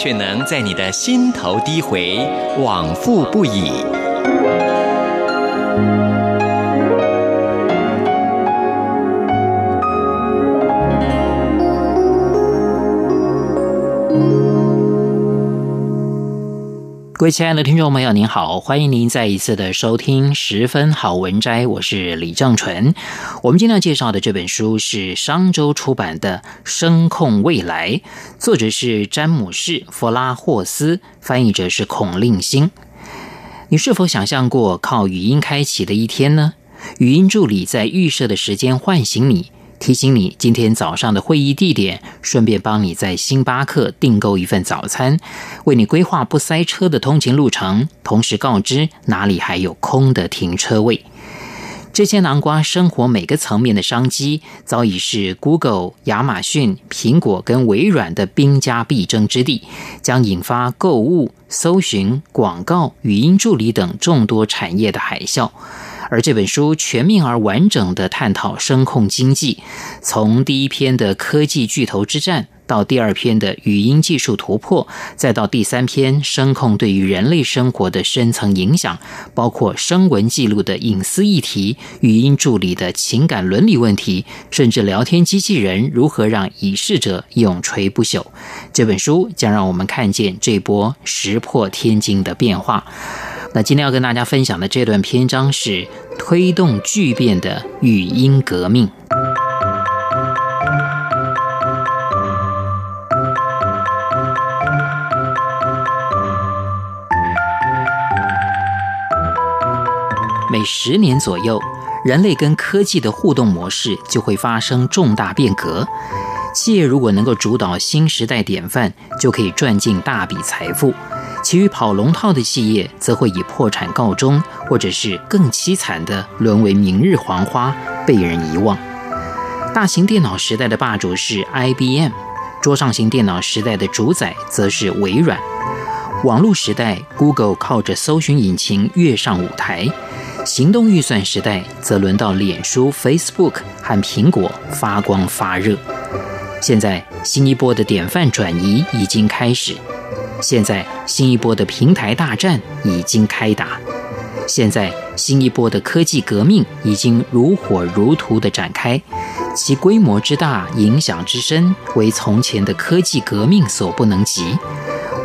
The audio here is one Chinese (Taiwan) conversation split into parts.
卻能在你的心頭低回，往復不已。各位親愛的聽眾朋友，您好，歡迎您再一次的收聽《十分好文摘》，我是李正淳。我們今天要介紹的這本書是商周出版的《聲控未來》，作者是詹姆士弗拉霍斯，翻譯者是孔令新，你是否想象過靠語音開啟的一天呢？語音助理在預設的時間喚醒你。提醒你今天早上的會議地點，順便幫你在星巴克訂購一份早餐，為你規劃不塞車的通勤路程，同時告知哪裡還有空的停車位。這些囊括生活每個層面的商機，早已是 Google、亞馬遜、蘋果跟微軟的兵家必爭之地，將引發購物、搜尋、廣告、語音助理等眾多產業的海嘯。而這本書全面而完整地探討聲控經濟，從第一篇的科技巨頭之戰，到第二篇的語音技術突破，再到第三篇聲控對於人類生活的深層影響，包括聲紋記錄的隱私議題、語音助理的情感倫理問題，甚至聊天機器人如何讓已逝者永垂不朽。這本書將讓我們看見這波石破天驚的變化。那今天要跟大家分享的這段篇章是推動巨變的語音革命。每十年左右，人類跟科技的互動模式就會發生重大變革。企業如果能夠主導新時代典範，就可以賺進大筆財富。其餘跑龍套的企業則會以破產告終，或者是更淒慘的淪為明日黃花，被人遺忘。大型電腦時代的霸主是 IBM，桌上型電腦時代的主宰則是微軟。網絡時代，Google 靠着搜尋引擎躍上舞台，行動預算時代則輪到臉書 （Facebook） 和蘋果發光發熱。現在，新一波的典範轉移已經開始。現在新一波的平台大戰已經開打，現在新一波的科技革命已經如火如荼地展開，其規模之大、影響之深，為從前的科技革命所不能及。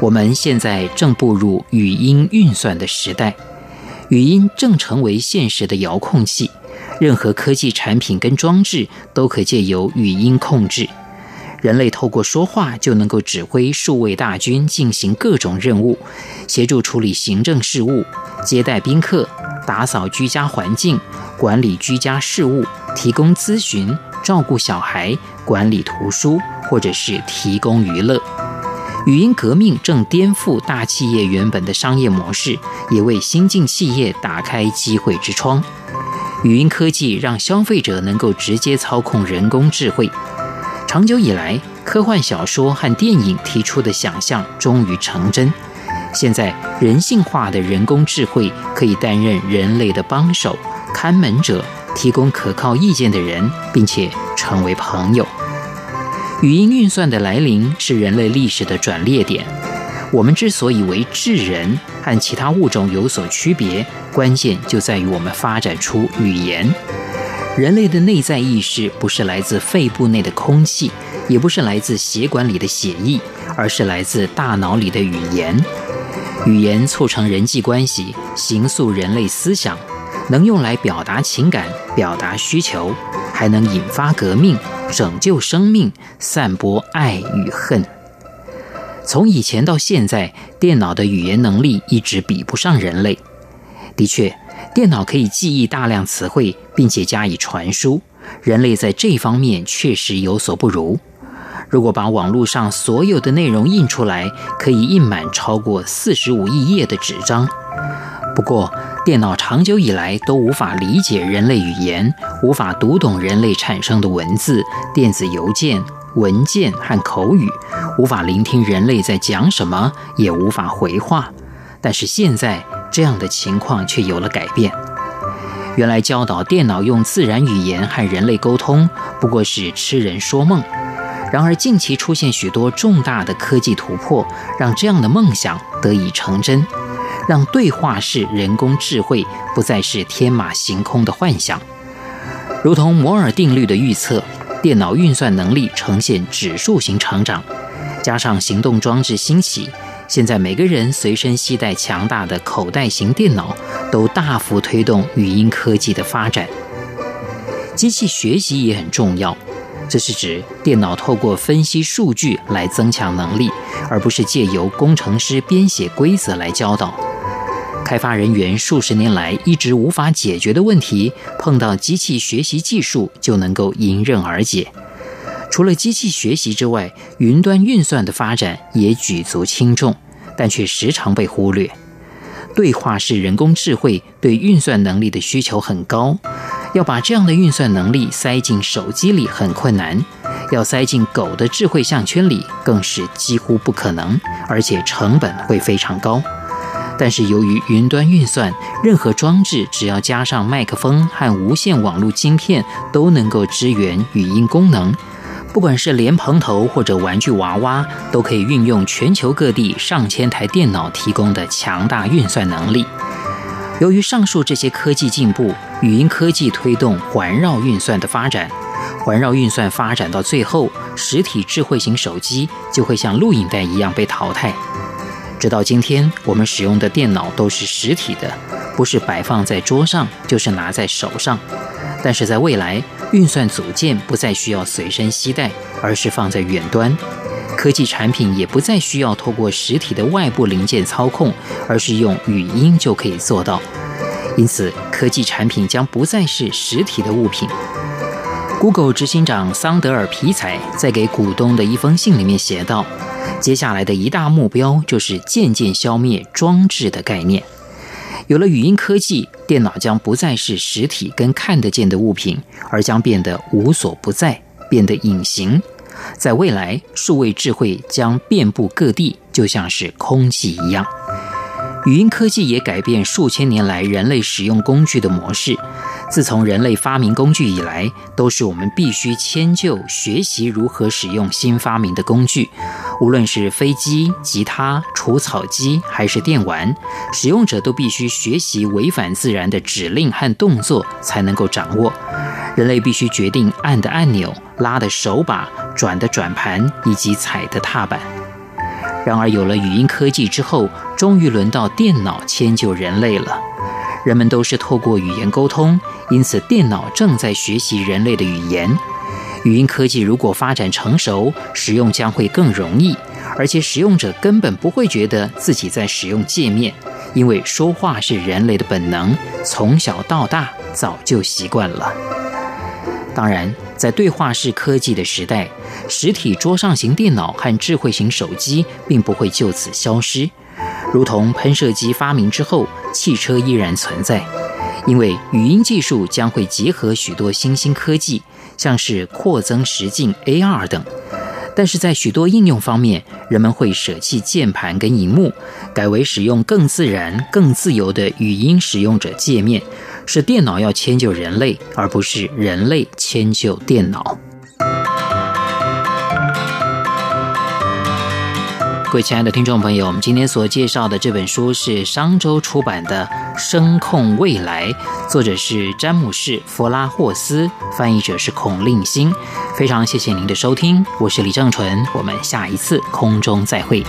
我們現在正步入語音運算的時代，語音正成為現實的遙控器，任何科技產品跟裝置都可借由語音控制。人類透過說話就能夠指揮數位大軍進行各種任務，協助處理行政事務、接待賓客、打掃居家環境、管理居家事務、提供諮詢、照顧小孩、管理圖書，或者是提供娛樂。語音革命正顛覆大企業原本的商業模式，也為新進企業打開機會之窗。語音科技讓消費者能夠直接操控人工智慧。長久以來，科幻小說和電影提出的想象終於成真。現在，人性化的人工智慧可以擔任人類的幫手、看門者、提供可靠意見的人，並且成為朋友。語音運算的來臨是人類歷史的轉捩點。我們之所以為智人，和其他物種有所區別，關鍵就在於我們發展出語言。人類的內在意識不是來自肺部內的空氣，也不是來自血管裡的血液，而是來自大腦裡的語言。語言促成人際關係，形塑人類思想，能用來表達情感、表達需求，還能引發革命、拯救生命、散播愛與恨。從以前到現在，電腦的語言能力一直比不上人類。的確。電腦可以記憶大量詞彙，並且加以傳輸。人類在這方面確實有所不如。如果把網絡上所有的內容印出來，可以印滿超過四十五億頁的紙張。不過，電腦長久以來都無法理解人類語言，無法讀懂人類產生的文字、電子郵件、文件和口語，無法聆聽人類在講什麼，也無法回話。但是現在，這樣的情況卻有了改變。原來教導電腦用自然語言和人類溝通，不過是痴人說夢。然而近期出現許多重大的科技突破，讓這樣的夢想得以成真，讓對話式人工智慧不再是天馬行空的幻想。如同摩爾定律的預測，電腦運算能力呈現指數型成長，加上行動裝置興起。現在每個人隨身攜帶強大的口袋型電腦，都大幅推動語音科技的發展。機器學習也很重要，這是指電腦透過分析數據來增強能力，而不是借由工程師編寫規則來教導。開發人員數十年來一直無法解決的問題，碰到機器學習技術就能夠迎刃而解。除了機器學習之外，雲端運算的發展也舉足輕重，但卻時常被忽略。對話式人工智慧對運算能力的需求很高，要把這樣的運算能力塞進手機裡很困難，要塞進狗的智慧項圈裡更是幾乎不可能，而且成本會非常高。但是由於雲端運算，任何裝置只要加上麥克風和無線網絡晶片，都能夠支援語音功能。不管是蓮蓬頭或者玩具娃娃，都可以運用全球各地上千台電腦提供的強大運算能力。由於上述這些科技進步，語音科技推動環繞運算的發展，環繞運算發展到最後，實體智慧型手機就會像錄影帶一樣被淘汰。直到今天，我們使用的電腦都是實體的，不是擺放在桌上，就是拿在手上。但是在未來，運算組件不再需要隨身攜帶，而是放在遠端。科技產品也不再需要透過實體的外部零件操控，而是用語音就可以做到。因此，科技產品將不再是實體的物品。Google 執行長桑德爾皮采在給股東的一封信裡面寫道：“接下來的一大目標就是漸漸消滅裝置的概念。有了語音科技，電腦將不再是實體跟看得見的物品，而將變得無所不在，變得隱形。在未來，數位智慧將遍布各地，就像是空氣一樣。語音科技也改變數千年來人類使用工具的模式。”自從人類發明工具以來，都是我們必須遷就、學習如何使用新發明的工具。無論是飛機、吉他、除草機，還是電玩，使用者都必須學習違反自然的指令和動作，才能夠掌握。人類必須決定按的按鈕、拉的手把、轉的轉盤以及踩的踏板。然而，有了語音科技之後，終於輪到電腦遷就人類了。人們都是透過語言溝通，因此電腦正在學習人類的語言。語音科技如果發展成熟，使用將會更容易，而且使用者根本不會覺得自己在使用界面，因為說話是人類的本能，從小到大早就習慣了。當然，在對話式科技的時代，實體桌上型電腦和智慧型手機並不會就此消失。如同噴射機發明之後，汽車依然存在，因為語音技術將會結合許多新興科技，像是擴增實境 AR 等。但是在許多應用方面，人們會捨棄鍵盤跟熒幕，改為使用更自然、更自由的語音使用者界面，是電腦要遷就人類，而不是人類遷就電腦。各位親愛的聽眾朋友，我們今天所介紹的這本書是商周出版的《聲控未來》，作者是詹姆士·弗拉霍斯，翻譯者是孔令新。非常謝謝您的收聽，我是李正純，我們下一次空中再會。